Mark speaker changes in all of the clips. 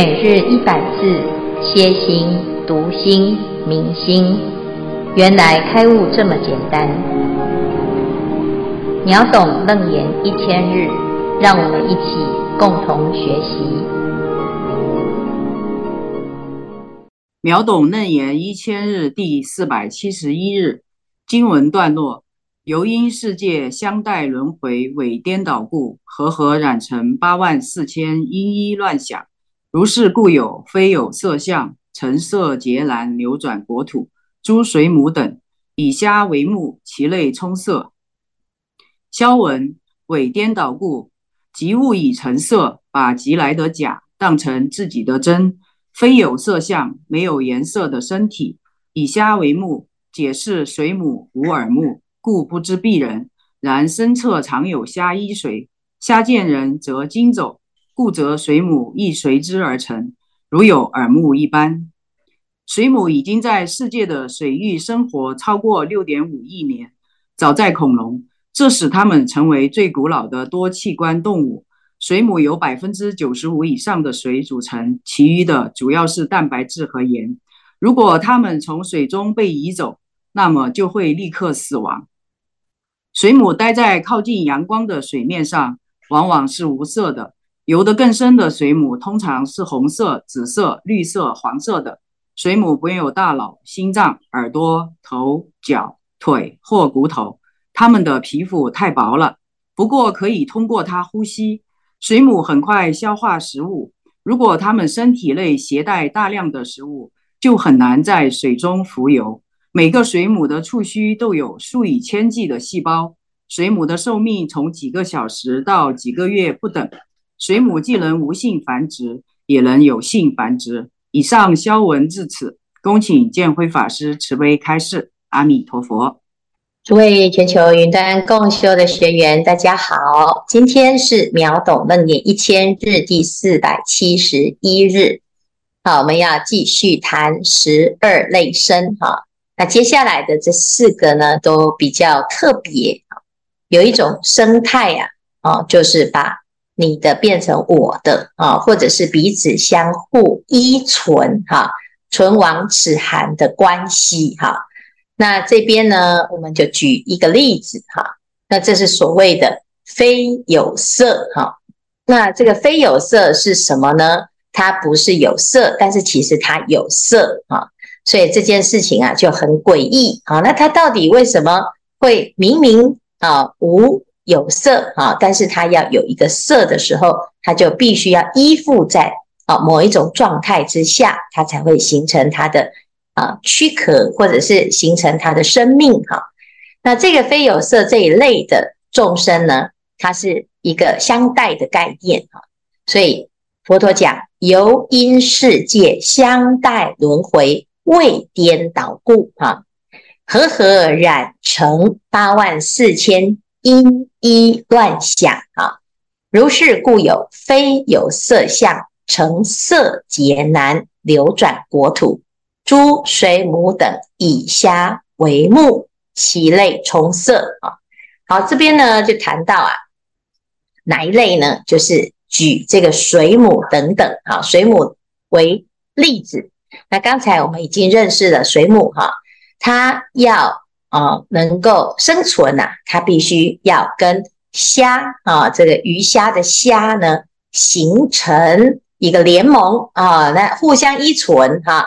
Speaker 1: 每日一百字，歇心、讀心、明心，原來開悟這麼簡單。秒懂楞嚴一千日，讓我們一起共同學習。
Speaker 2: 秒懂楞嚴一千日第四百七十一日經文段落：由因世界相待輪迴，偽顛倒故，和合，合染成八萬四千因依亂想。如是故有，非有色相，成色羯南流轉國土，諸水母等以蝦為目，其類充塞。肖文偽顛倒故，即物以成色，把即來的假當成自己的真。非有色相，沒有顏色的身體，以蝦為目，解釋水母無耳目，故不知避人。然身側常有蝦依隨，蝦見人則驚走。固則水母亦隨之而成，如有耳目一般。水母已經在世界的水域生活超過六點五億年，早在恐龍，這使它們成為最古老的多器官動物。水母由百分之九十五以上的水組成，其餘的主要是蛋白質和鹽。如果它們從水中被移走，那麼就會立刻死亡。水母待在靠近陽光的水面上，往往是無色的。游得更深的水母通常是紅色、紫色、綠色、黃色的。水母不會有大腦、心臟、耳朵、頭、腳、腿或骨頭，它們的皮膚太薄了，不過可以通過它呼吸。水母很快消化食物。如果它們身體內攜帶大量的食物，就很難在水中浮游。每個水母的觸鬚都有數以千計的細胞。水母的壽命從幾個小時到幾個月不等。水母既能無性繁殖，也能有性繁殖。以上消文至此，恭請見輝法師慈悲開示。阿彌陀佛。
Speaker 1: 諸位全球雲端共修的學員，大家好。今天是秒懂楞嚴一千日第四百七十一日。好、啊，我們要繼續談十二類生。哈、啊，那接下來的這四個呢，都比較特別。啊、有一種生態啊，啊就是把。你的變成我的啊，或者是彼此相互依存哈、啊，存亡齒寒的關係哈、啊。那這邊呢，我們就舉一個例子哈、啊。那這是所謂的非有色哈、啊。那這個非有色是什麼呢？它不是有色，但是其實它有色啊。所以這件事情啊就很詭異啊。那它到底為什麼會明明啊無？有色啊，但是它要有一個色的時候，它就必須要依附在啊某一種狀態之下，它才會形成它的啊軀殼，或者是形成它的生命哈。那這個非有色這一類的眾生呢，它是一個相待的概念哈。所以佛陀講由因世界相待輪迴，偽顛倒故哈，和合染成八萬四千。因依亂想啊，如是故有非有色相，成色羯南流轉國土。諸水母等以蝦為目，其類充塞啊。好，這邊呢就談到啊，哪一類呢？就是舉這個水母等等啊，水母為例子。那剛才我們已經認識了水母哈、啊，它要。啊、哦，能夠生存吶、啊，它必須要跟蝦啊，這個魚蝦的蝦呢，形成一個聯盟啊，那互相依存哈、啊。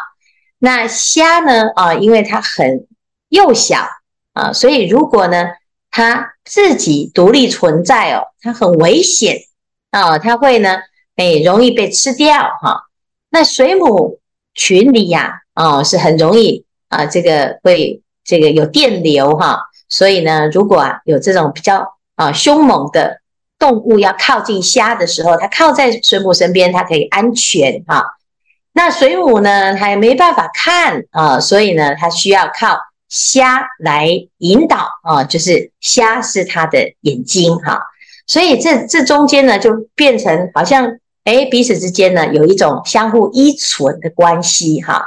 Speaker 1: 那蝦呢，啊，因為它很幼小啊，所以如果呢，它自己獨立存在哦，它很危險啊，它會呢，哎，容易被吃掉哈、啊。那水母群裡呀、啊，哦、啊，是很容易啊，這個會。這個有電流哈，所以呢，如果、啊、有這種比較啊兇猛的動物要靠近蝦的時候，它靠在水母身邊，它可以安全哈、啊。那水母呢，它也沒辦法看啊，所以呢，它需要靠蝦來引導啊，就是蝦是它的眼睛哈、啊。所以這這中間呢，就變成好像哎彼此之間呢有一種相互依存的關係哈。啊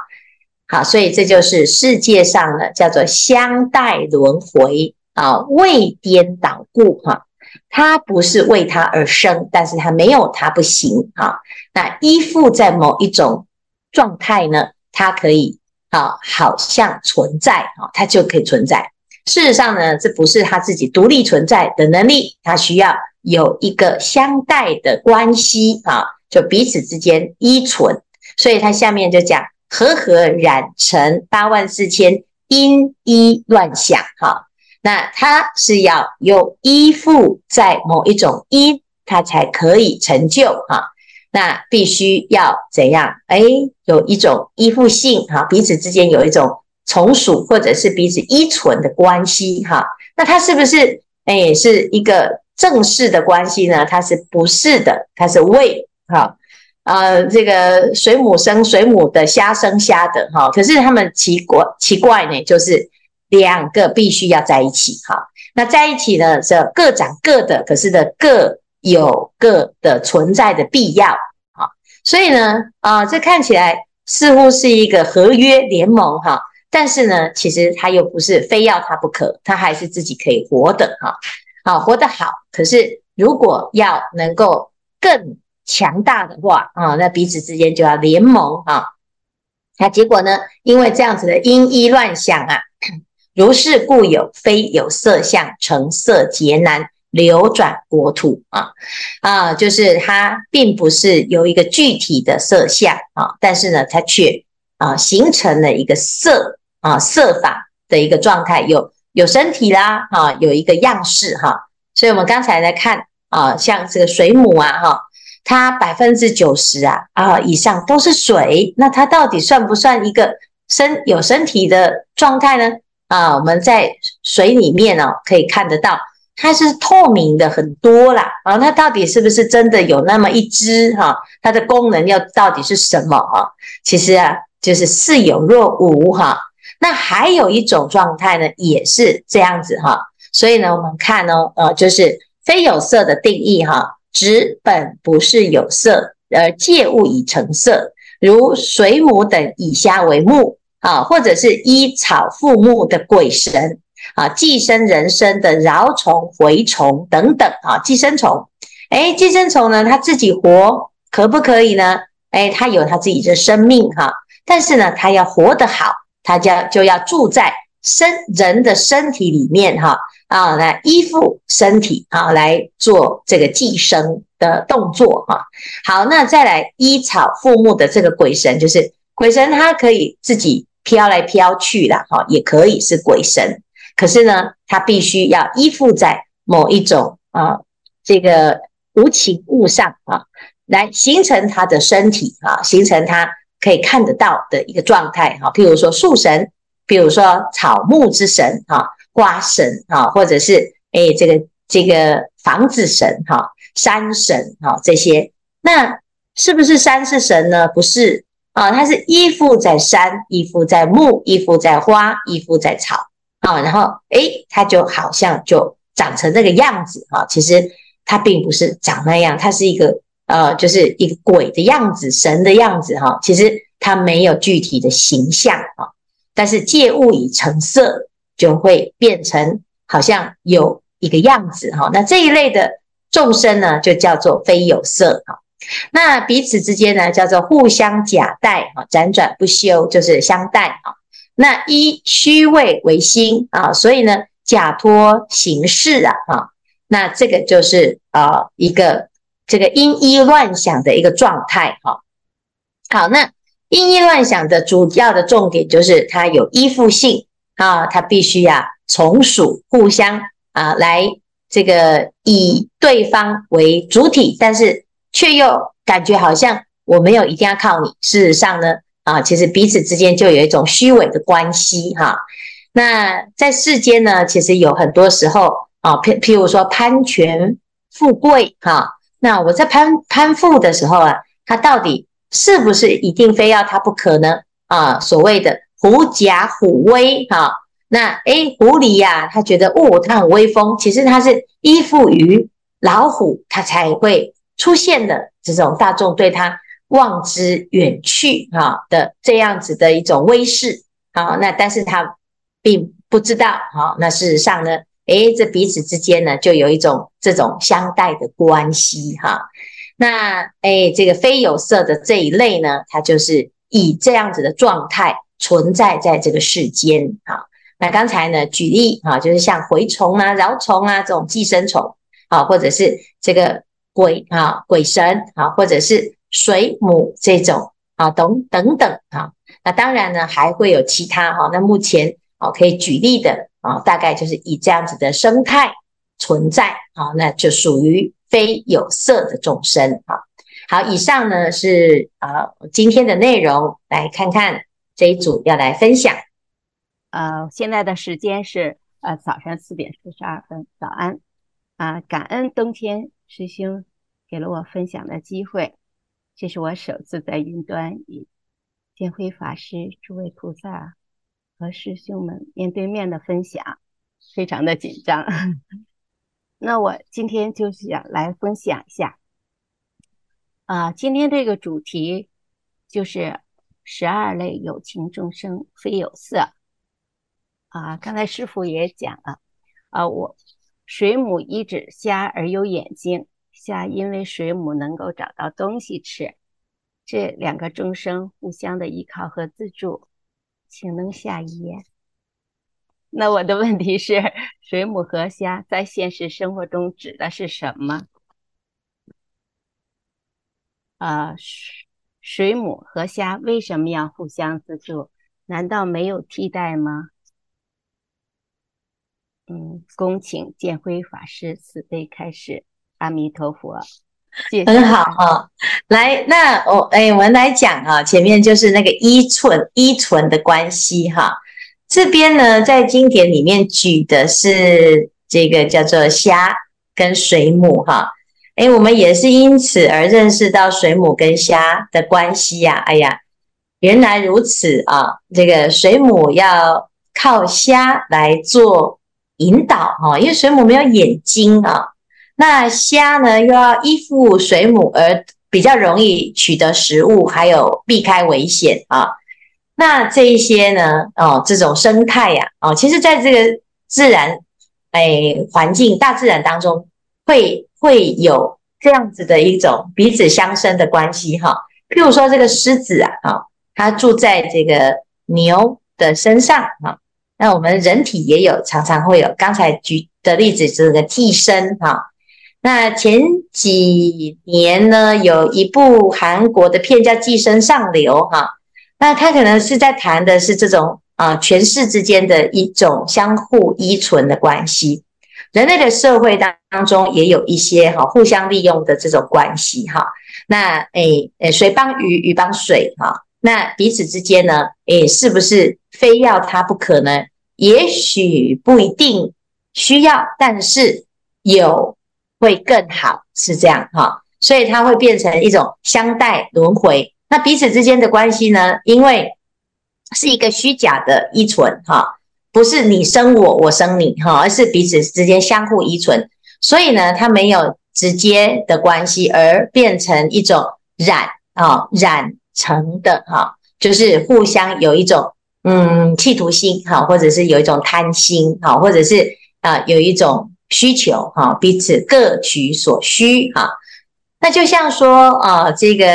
Speaker 1: 好，所以這就是世界上呢，叫做相待輪迴啊，偽顛倒故哈，它、啊、不是為他而生，但是它沒有它不行啊。那依附在某一種狀態呢，它可以啊，好像存在啊，它就可以存在。事實上呢，這不是他自己獨立存在的能力，他需要有一個相待的關係啊，就彼此之間依存。所以他下面就講。和合染成八萬四千因依亂想哈，那它，是要有依附在某一種因，它才可以成就哈。那必須要怎樣？哎、欸，有一種依附性哈，彼此之間有一種從屬或者是彼此依存的關係哈。那它是不是哎、欸、是一個正式的關係呢？它是不是的？它是未好。啊呃，這個水母生水母的，蝦生蝦的，哈、哦。可是他們奇怪奇怪呢，就是兩個必須要在一起，哈、哦。那在一起呢，就各長各的，可是呢，各有各的存在的必要，哈、哦。所以呢，啊、呃，這看起來似乎是一個合約聯盟，哈、哦。但是呢，其實它又不是非要它不可，它還是自己可以活的，哈、哦。好、啊，活得好。可是如果要能夠更。強大的話啊，那彼此之間就要聯盟啊。那、啊、結果呢？因為這樣子的因依亂想啊，如是故有非有色相成色羯南流轉國土啊啊，就是它並不是有一個具體的色相啊，但是呢，它卻啊形成了一個色啊色法的一個狀態，有有身體啦啊，有一個樣式哈、啊。所以我們剛才來看啊，像這個水母啊哈。啊它百分之九十啊啊以上都是水，那它到底算不算一個身有身體的狀態呢？啊，我們在水裡面哦，可以看得到，它是透明的很多啦。啊，它到底是不是真的有那麼一隻哈、啊？它的功能又到底是什麼啊？其實啊，就是似有若無哈、啊。那還有一種狀態呢，也是這樣子哈、啊。所以呢，我們看呢、哦，呃、啊，就是非有色的定義哈。啊質本不是有色，而借物以成色。如水母等以蝦為目，啊，或者是依草附木的鬼神，啊，寄生人身的蟯蟲、蛔蟲等等，啊，寄生蟲。哎，寄生蟲呢，它自己活可不可以呢？哎，它有它自己的生命，哈、啊。但是呢，它要活得好，它將就要住在。身人的身體裡面哈啊，啊來依附身體啊來做這個寄生的動作哈、啊、好，那再來依草附木的這個鬼神，就是鬼神，他可以自己飄來飄去的哈、啊、也可以是鬼神，可是呢，他必須要依附在某一種啊這個無情物上，啊來形成他的身體啊，形成他可以看得到的一個狀態哈、啊、譬如說樹神。比如說草木之神哈、啊，花神哈、啊，或者是誒、欸、這個這個房子神哈、啊，山神哈、啊、這些，那是不是山是神呢？不是啊，它是依附在山，依附在木，依附在花，依附在草啊。然後誒、欸，它就好像就長成那個樣子哈、啊。其實它並不是長那樣，它是一個呃，就是一個鬼的樣子，神的樣子哈、啊。其實它沒有具體的形象哈。啊但是借物以成色，就會變成好像有一個樣子哈、哦。那這一類的眾生呢，就叫做非有色哈、哦。那彼此之間呢，叫做互相假待哈，輾轉不休，就是相待啊。那依虛位為心啊，所以呢，假托形式啊，啊那這個就是啊一個這個因依亂想的一個狀態哈。好，那。因依亂想的主要的重點就是它，有依附性啊，它必須呀、啊、從屬互相啊來這個以對方為主體，但是卻又感覺好像我沒有一定要靠你。事實上呢啊，其實彼此之間就有一種虛偽的關係哈、啊。那在世間呢，其實有很多時候啊，譬譬如說攀權富貴哈、啊，那我在攀攀附的時候啊，他到底是不是一定非要他不可呢？啊，所謂的狐假虎威哈、啊，那誒狐狸呀、啊，他覺得哦，他很威風，其實他是依附於老虎，他才會出現的這種大眾對他望之遠去哈、啊、的這樣子的一種威勢啊。那但是他並不知道，好、啊，那事實上呢，誒，這彼此之間呢，就有一種這種相待的關係哈。啊那哎，這個非有色的這一類呢，它就是以這樣子的狀態存在在這個世間啊。那剛才呢，舉例啊，就是像蛔蟲啊、蟯蟲啊這種寄生蟲啊，或者是這個鬼啊、鬼神啊，或者是水母這種啊，等等等啊。那當然呢，還會有其他哈、啊。那目前啊，可以舉例的啊，大概就是以這樣子的生態存在啊，那就屬於。非有色的眾生，好好，以上呢是啊今天的內容。來看看這一組要來分享。呃，現在的
Speaker 3: 時間是呃早上四點四十二分，早安啊、呃！感恩冬天師兄給了我分享的機會，這是我首次在雲端與見輝法師、諸位菩薩和師兄們面對面的分享，非常的緊張。 那我今天就想來分享一下，啊，今天這個主題就是十二類有情眾生非有色。啊，剛才師父也講了，啊，我水母依止蝦而有眼睛，蝦因為水母能夠找到東西吃，這兩個眾生互相的依靠和自助，請能下一頁。那我的問題是，水母和蝦在現實生活中指的是什麼？啊、呃，水水母和蝦為什麼要互相資助？難道沒有替代嗎？嗯，恭請見輝法師慈悲開示，阿
Speaker 1: 彌陀佛，很好啊、哦。來，那我、哦、哎，我們來講啊，前面就是那個依存依存的關係哈、啊。這邊呢，在經典裡面舉的是這個叫做蝦跟水母哈，哎，我們也是因此而認識到水母跟蝦的關係呀、啊。哎呀，原來如此啊！這個水母要靠蝦來做引導哈、啊，因為水母沒有眼睛啊。那蝦呢，又要依附水母而比較容易取得食物，還有避開危險啊。那這一些呢？哦，這種生態呀、啊，哦，其實在這個自然哎環、欸、境、大自然當中，會會有這樣子的一種彼此相生的關係哈、哦。譬如說，這個獅子啊，啊、哦，它住在這個牛的身上哈、哦。那我們人體也有，常常會有剛才舉的例子，就是這個寄生哈。那前幾年呢，有一部韓國的片叫《寄生上流》哈、哦。那他可能是在談的是這種啊，呃，權勢之間的一種相互依存的關係。人類的社會當中也有一些哈、哦，互相利用的這種關係哈、哦。那誒誒、欸，水幫魚，魚幫水哈、哦。那彼此之間呢，誒、欸，是不是非要它不可呢？也許不一定需要，但是有會更好，是這樣哈、哦。所以它會變成一種相待輪迴。那彼此之間的關係呢？因為是一個虛假的依存哈，不是你生我，我生你哈，而是彼此之間相互依存，所以呢，它沒有直接的關係，而變成一種染啊，染成的哈，就是互相有一種嗯企圖心哈，或者是有一種貪心哈，或者是啊有一種需求哈，彼此各取所需哈。那就像說，啊，這個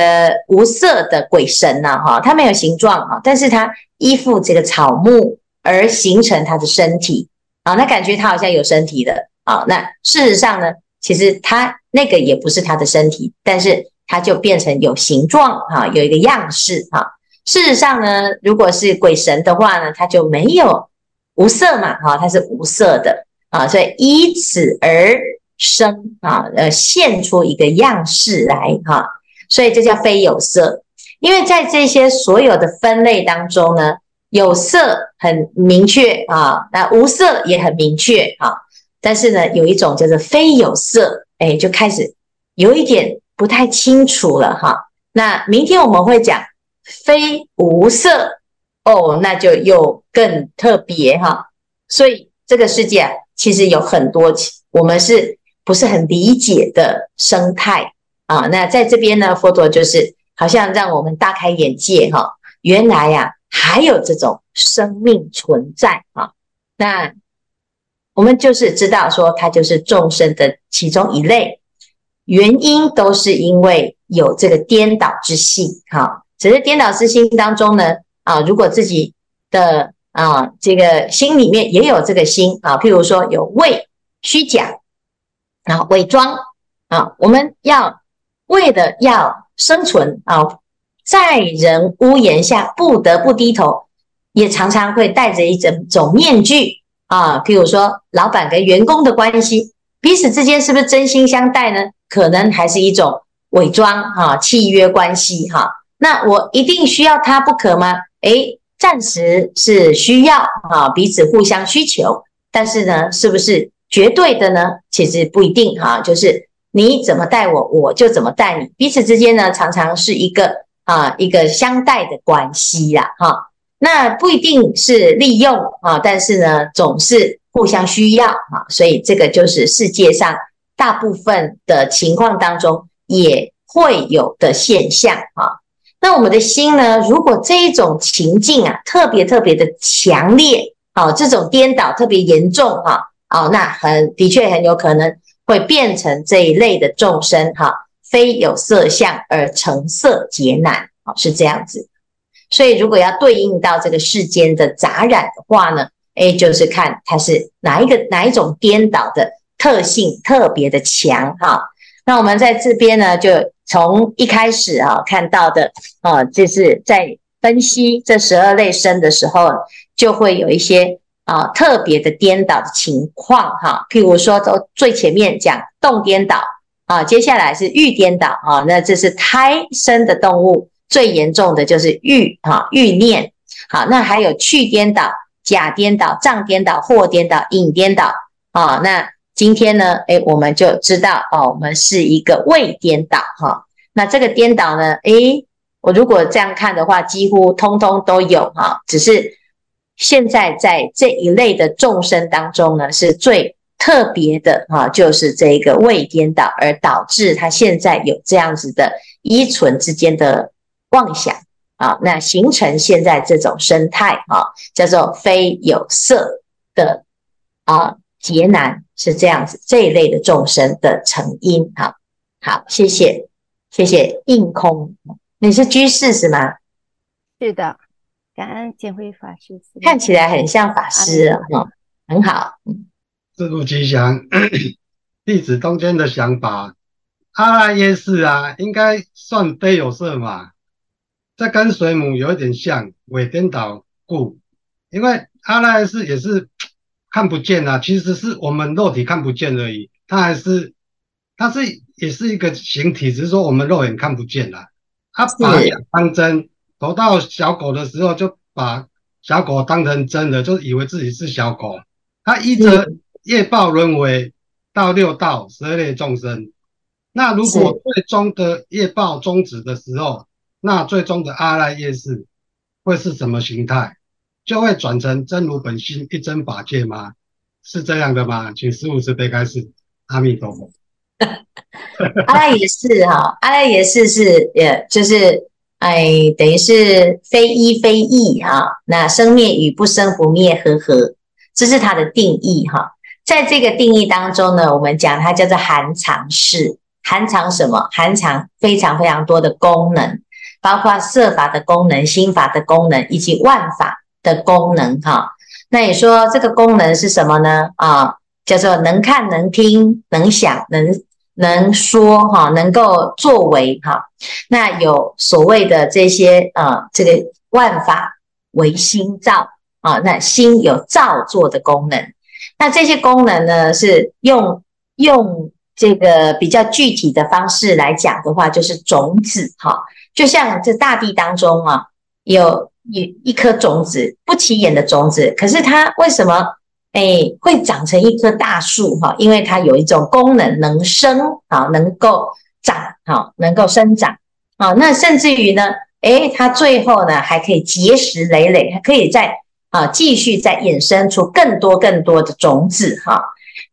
Speaker 1: 無色的鬼神呢，哈，它沒有形狀啊，但是它依附這個草木而形成它的身體啊，那感覺它好像有身體的。啊。那事實上呢，其實它那個也不是它的身體，但是它就變成有形狀哈、啊，有一個樣式哈、啊，事實上呢，如果是鬼神的話呢，它就沒有無色嘛，哈、啊，它是無色的啊，所以依此而。生啊，呃，現出一個樣式來哈、啊，所以這叫非有色。因為在這些所有的分類當中呢，有色很明確啊，那無色也很明確啊，但是呢，有一種叫做非有色，哎、欸，就開始有一點不太清楚了哈、啊。那明天我們會講非無色哦，那就又更特別哈、啊。所以這個世界、啊、其實有很多，我們是。不是很理解的生態啊，那在這邊呢，佛陀就是好像讓我們大開眼界哈、啊，原來呀、啊、還有這種生命存在啊，那我們就是知道說它就是眾生的其中一類，原因都是因為有這個顛倒之心哈、啊，只是顛倒之心當中呢啊，如果自己的啊這個心裡面也有這個心啊，譬如說有偽虛假。啊，偽裝啊，我們要為了要生存啊，在人屋檐下不得不低頭，也常常會戴着一種種面具啊。比如說，老板跟員工的關係，彼此之間是不是真心相待呢？可能還是一種偽裝啊，契約關係哈、啊。那我一定需要他不可嗎？誒，暫時是需要啊，彼此互相需求，但是呢，是不是？絕對的呢，其實不一定哈、啊，就是你怎麼待我，我就怎麼待你。彼此之間呢，常常是一個啊，一個相待的關係呀、啊，哈、啊。那不一定是利用啊，但是呢，總是互相需要、啊、所以這個就是世界上大部分的情況當中也會有的現象啊。那我們的心呢，如果這一種情境啊，特別特別的強烈，哦、啊，這種顛倒特別嚴重哈、啊。哦，那很的確很有可能會變成這一類的眾生哈、哦，非有色相而成色劫難，哦，是這樣子。所以如果要對應到這個世間的雜染的話呢，哎、欸，就是看它是哪一個哪一種顛倒的特性特別的強哈、哦。那我們在這邊呢，就從一開始啊、哦、看到的呃、哦，就是在分析這十二類生的時候，就會有一些。啊，特別的顛倒的情況哈，譬如說，從最前面講動顛倒啊，接下來是欲顛倒啊，那這是胎生的動物最嚴重的就是欲哈，欲、啊、念好，那還有去顛倒、假顛倒、障顛倒、惑顛倒、影顛倒啊，那今天呢，哎、欸，我們就知道哦，我們是一個偽顛倒哈、啊，那這個顛倒呢，哎、欸，我如果這樣看的話，幾乎通通都有哈、啊，只是。現在在這一類的眾生當中呢，是最特別的啊，就是這個偽顛倒而導致他現在有這樣子的依存之間的妄想啊，那形成現在這種生態啊，叫做非有色的啊羯南，是這樣子，這一類的眾生的成因。好、啊，好，謝謝，謝謝應空，你是居士是嗎？
Speaker 3: 是的。感恩見
Speaker 4: 輝法師，看起來很像法師哦，啊嗯、很好。自路吉祥，弟子 中間的想法，阿賴耶識啊，應該算非有色嘛，這跟水母有一點像，偽顛倒故。因為阿賴耶識也是看不見啊，其實是我們肉體看不見而已，它還是它是也是一個形體，只、就是說我們肉眼看不見了、啊。阿爸當真。投到小狗的時候，就把小狗當成真的，就是以為自己是小狗。他依著業報輪迴到六道十二類眾生。那如果最終的業報終止的時候，是那最終的阿賴耶識會是什麼形態？就會轉成真如本心一真法界嗎？是這樣的嗎？請師父慈悲開示。阿彌陀佛。阿賴 耶
Speaker 1: 識哈，阿賴耶識是，也、yeah, 就是。哎，等於是非一非異啊，那生滅與不生不滅和合，這是它的定義哈、啊。在這個定義當中呢，我們講它叫做含藏識，含藏什麼？含藏非常非常多的功能，包括色法的功能、心法的功能，以及萬法的功能哈、啊。那你說這個功能是什麼呢？啊，叫做能看、能聽、能想、能。能說哈，能夠作為哈，那有所謂的這些呃，這個萬法唯心造啊，那心有造作的功能。那這些功能呢，是用用這個比較具體的方式來講的話，就是種子哈，啊，就像這大地當中啊，有一一顆種子，不起眼的種子，可是它為什麼？哎、欸，會長成一棵大樹哈，因為它有一種功能，能生啊，能夠長哈，能夠生長啊。那甚至於呢，哎、欸，它最後呢還可以結實累累，還可以再啊繼續再衍生出更多更多的種子哈。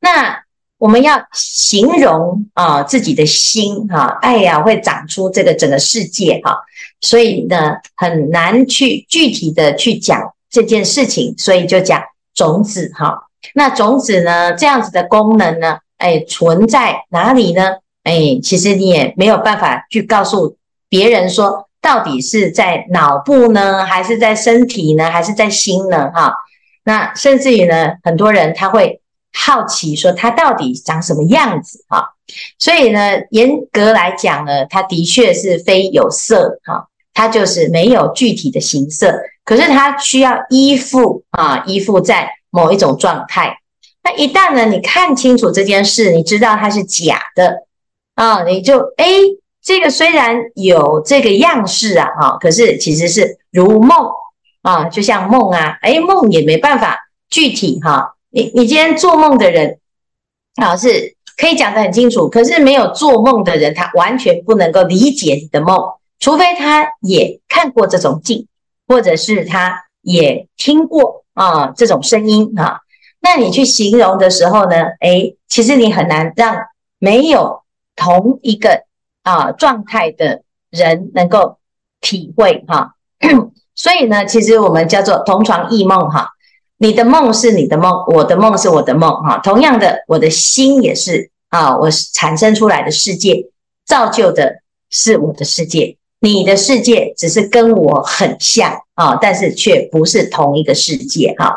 Speaker 1: 那我們要形容啊自己的心哈，愛、哎、呀，會長出這個整個世界哈。所以呢，很難去具體的去講這件事情，所以就講。種子哈，那種子呢？這樣子的功能呢？哎，存在哪裡呢？哎，其實你也沒有辦法去告訴別人說，到底是在腦部呢，還是在身體呢，還是在心呢？哈，那甚至於呢，很多人他會好奇說，它到底長什麼樣子？哈，所以呢，嚴格來講呢，它的確是非有色哈，它就是沒有具體的形色。可是他需要依附啊，依附在某一種狀態。那一旦呢，你看清楚這件事，你知道它是假的啊，你就哎、欸，這個雖然有這個樣式啊，哈、啊，可是其實是如夢啊，就像夢啊，哎、欸，夢也沒辦法具體哈、啊。你你今天做夢的人啊，是可以講得很清楚，可是沒有做夢的人，他完全不能夠理解你的夢，除非他也看過這種鏡。或者是他也聽過啊，這種聲音哈、啊，那你去形容的時候呢，誒，其實你很難讓沒有同一個啊狀態的人能夠體會哈、啊。 所以呢，其實我們叫做同床異夢哈、啊，你的夢是你的夢，我的夢是我的夢哈、啊。同樣的，我的心也是啊，我產生出來的世界造就的是我的世界。你的世界只是跟我很像啊，但是卻不是同一個世界哈、啊。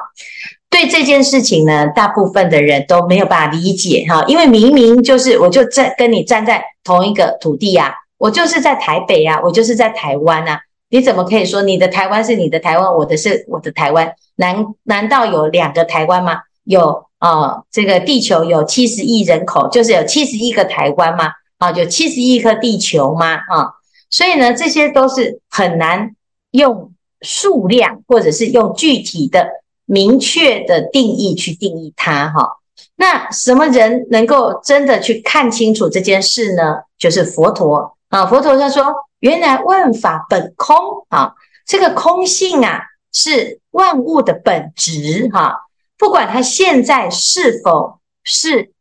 Speaker 1: 對這件事情呢，大部分的人都沒有辦法理解哈、啊，因為明明就是我就在跟你站在同一個土地啊，我就是在台北啊，我就是在台灣啊，你怎麼可以說你的台灣是你的台灣，我的是我的台灣？難難道有兩個台灣嗎？有啊、呃，這個地球有七十億人口，就是有七十億個台灣嗎？啊，有七十億顆地球嗎？啊？所以呢，這些都是很難用數量或者是用具體的、明確的定義去定義它哈、哦。那什麼人能夠真的去看清楚這件事呢？就是佛陀啊！佛陀他說：“原來萬法本空啊，這個空性啊，是萬物的本質哈、啊。不管它現在是否是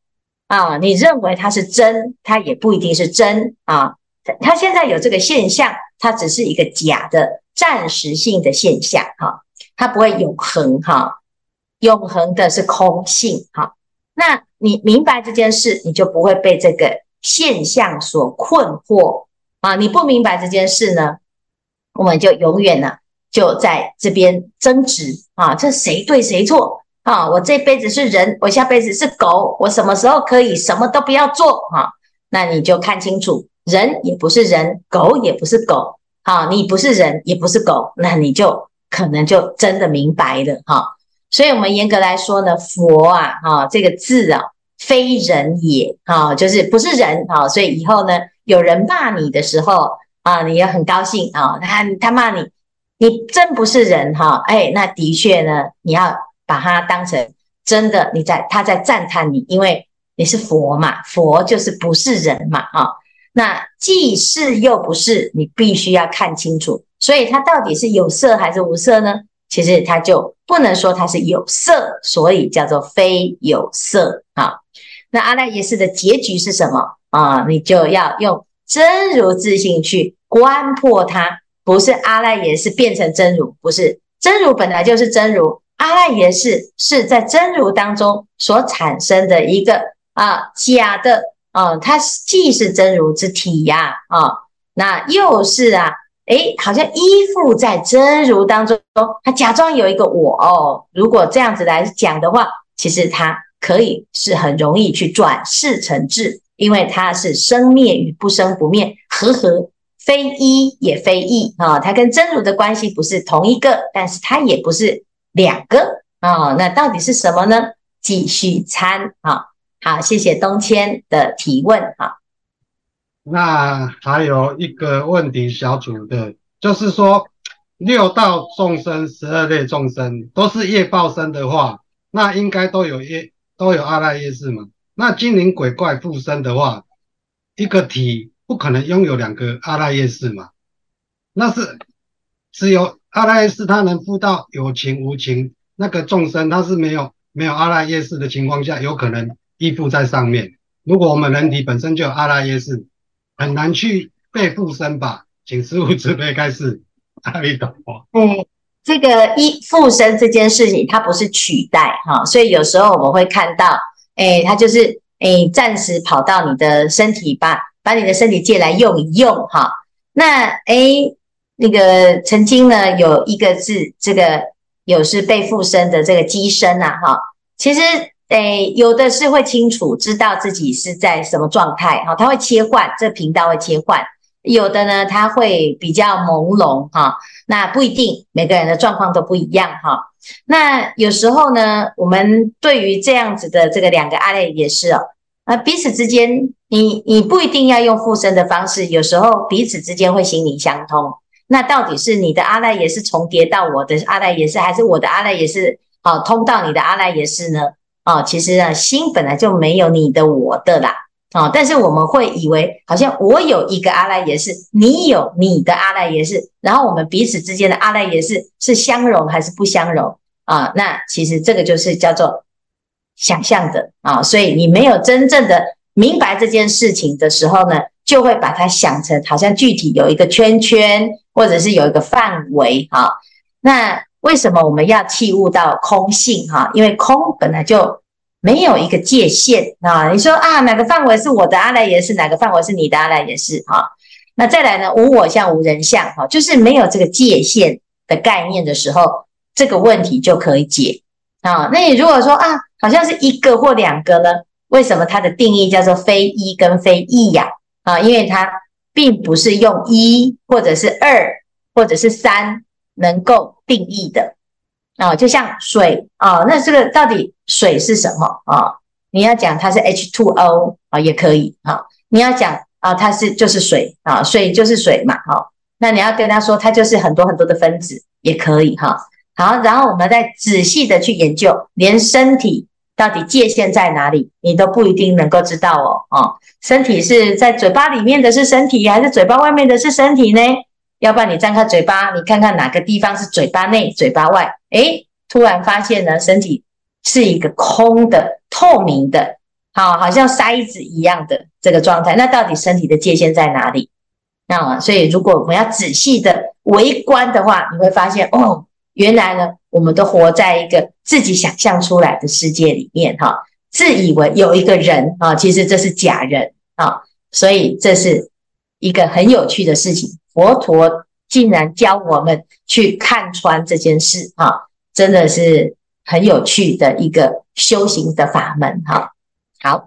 Speaker 1: 啊，你認為它是真，它也不一定是真啊。”它現在有這個現象，它只是一個假的、暫時性的現象，哈，它不會永恆，哈，永恆的是空性，哈。那你明白這件事，你就不會被這個現象所困惑，啊，你不明白這件事呢，我們就永遠呢就在這邊爭執，啊，這誰對誰錯，啊，我這輩子是人，我下輩子是狗，我什麼時候可以什麼都不要做，哈，那你就看清楚。人也不是人，狗也不是狗，好、啊，你不是人，也不是狗，那你就可能就真的明白了哈、啊。所以，我們嚴格來說呢，佛啊，哈、啊，這個字啊，非人也，哈、啊，就是不是人，哈、啊。所以以後呢，有人罵你的時候啊，你要很高興啊，他他罵你，你真不是人哈、啊，哎，那的確呢，你要把它當成真的你在他在讚嘆你，因為你是佛嘛，佛就是不是人嘛，啊。那既是又不是，你必須要看清楚，所以它到底是有色還是無色呢？其實它就不能說它是有色，所以叫做非有色啊。那阿賴耶識的結局是什麼啊、呃？你就要用真如自性去觀破它，不是阿賴耶識變成真如，不是，真如本來就是真如，阿賴耶識是在真如當中所產生的一個啊、呃、假的。哦，它既是真如之體呀、啊，啊、哦，那又是啊，誒，好像依附在真如當中，它假裝有一個我哦。如果這樣子來講的話，其實它可以是很容易去轉世成智，因為它是生滅與不生不滅和合，非一也非異啊、哦。它跟真如的關係不是同一個，但是它也不是兩個啊、哦。那到底是什麼呢？繼續參啊。哦啊，謝謝東
Speaker 4: 遷的提問。啊。那還有一個問題小組的，就是說六道眾生、十二類眾生都是業報身的話，那應該都有都有阿賴耶識嘛？那精靈鬼怪附身的話，一個體不可能擁有兩個阿賴耶識嘛？那是只有阿賴耶識，他能附到有情無情那個眾生，他是沒有沒有阿賴耶識的情況下，有可能。依附在上面，如果我們人體本身就有阿賴耶識，很難去被附身吧？請師父慈悲開示。阿彌陀佛。
Speaker 1: 嗯、這個依附身這件事情，它不是取代哈、哦，所以有時候我們會看到，誒它就是誒暫時跑到你的身體吧，把把你的身體借來用一用哈、哦。那誒那個曾經呢，有一個字，這個有是被附身的這個機身吶、啊、哈、哦，其實。哎，有的是會清楚知道自己是在什麼狀態哈、哦，他會切換這頻道，會切換，有的呢，他會比較朦朧哈、哦，那不一定，每個人的狀況都不一樣哈、哦。那有時候呢，我們對於這樣子的這個兩個阿賴耶識哦，那、啊、彼此之間，你你不一定要用附身的方式，有時候彼此之間會心靈相通。那到底是你的阿賴耶識重疊到我的阿賴耶識，還是我的阿賴耶識好、啊、通到你的阿賴耶識呢？啊、哦，其實呢，心本來就沒有你的、我的啦。哦，但是我們會以為，好像我有一個阿賴耶識，你有你的阿賴耶識，然後我們彼此之間的阿賴耶識是，是相容還是不相容？啊？那其實這個就是叫做想象的啊。所以你沒有真正的明白這件事情的時候呢，就會把它想成好像具體有一個圈圈，或者是有一個範圍。哈、啊，那。為什麼我們要契悟到空性？哈，因為空本來就沒有一個界限啊。你說啊，哪個範圍是我的阿賴耶識？哪個範圍是你的阿賴耶識？哈，那再來呢？無我相、無人相，哈，就是沒有這個界限的概念的時候，這個問題就可以解啊。那你如果說啊，好像是一個或兩個呢？為什麼它的定義叫做非一跟非異呀？啊，啊，因為它並不是用一或者是二或者是三能夠。定義的啊、哦，就像水啊、哦，那這個到底水是什麼啊、哦？你要講它是 H2O、哦、也可以哈、哦。你要講啊、哦，它是就是水啊、哦，水就是水嘛，哈、哦。那你要跟他說，它就是很多很多的分子也可以哈、哦。好，然後我們再仔細的去研究，連身體到底界限在哪裡，你都不一定能夠知道哦，哦。身體是在嘴巴裡面的是身體，還是嘴巴外面的是身體呢？要不然你張開嘴巴，你看看哪個地方是嘴巴內、嘴巴外？哎，突然發現呢，身體是一個空的、透明的，好，好像篩子一樣的這個狀態。那到底身體的界限在哪裡？啊？所以如果我們要仔細的圍觀的話，你會發現哦，原來呢，我們都活在一個自己想象出來的世界裡面哈。自以為有一個人啊，其實這是假人啊，所以這是一個很有趣的事情。佛陀竟然教我們去看穿這件事，啊，真的是很有趣的一個修行的法門，哈，好。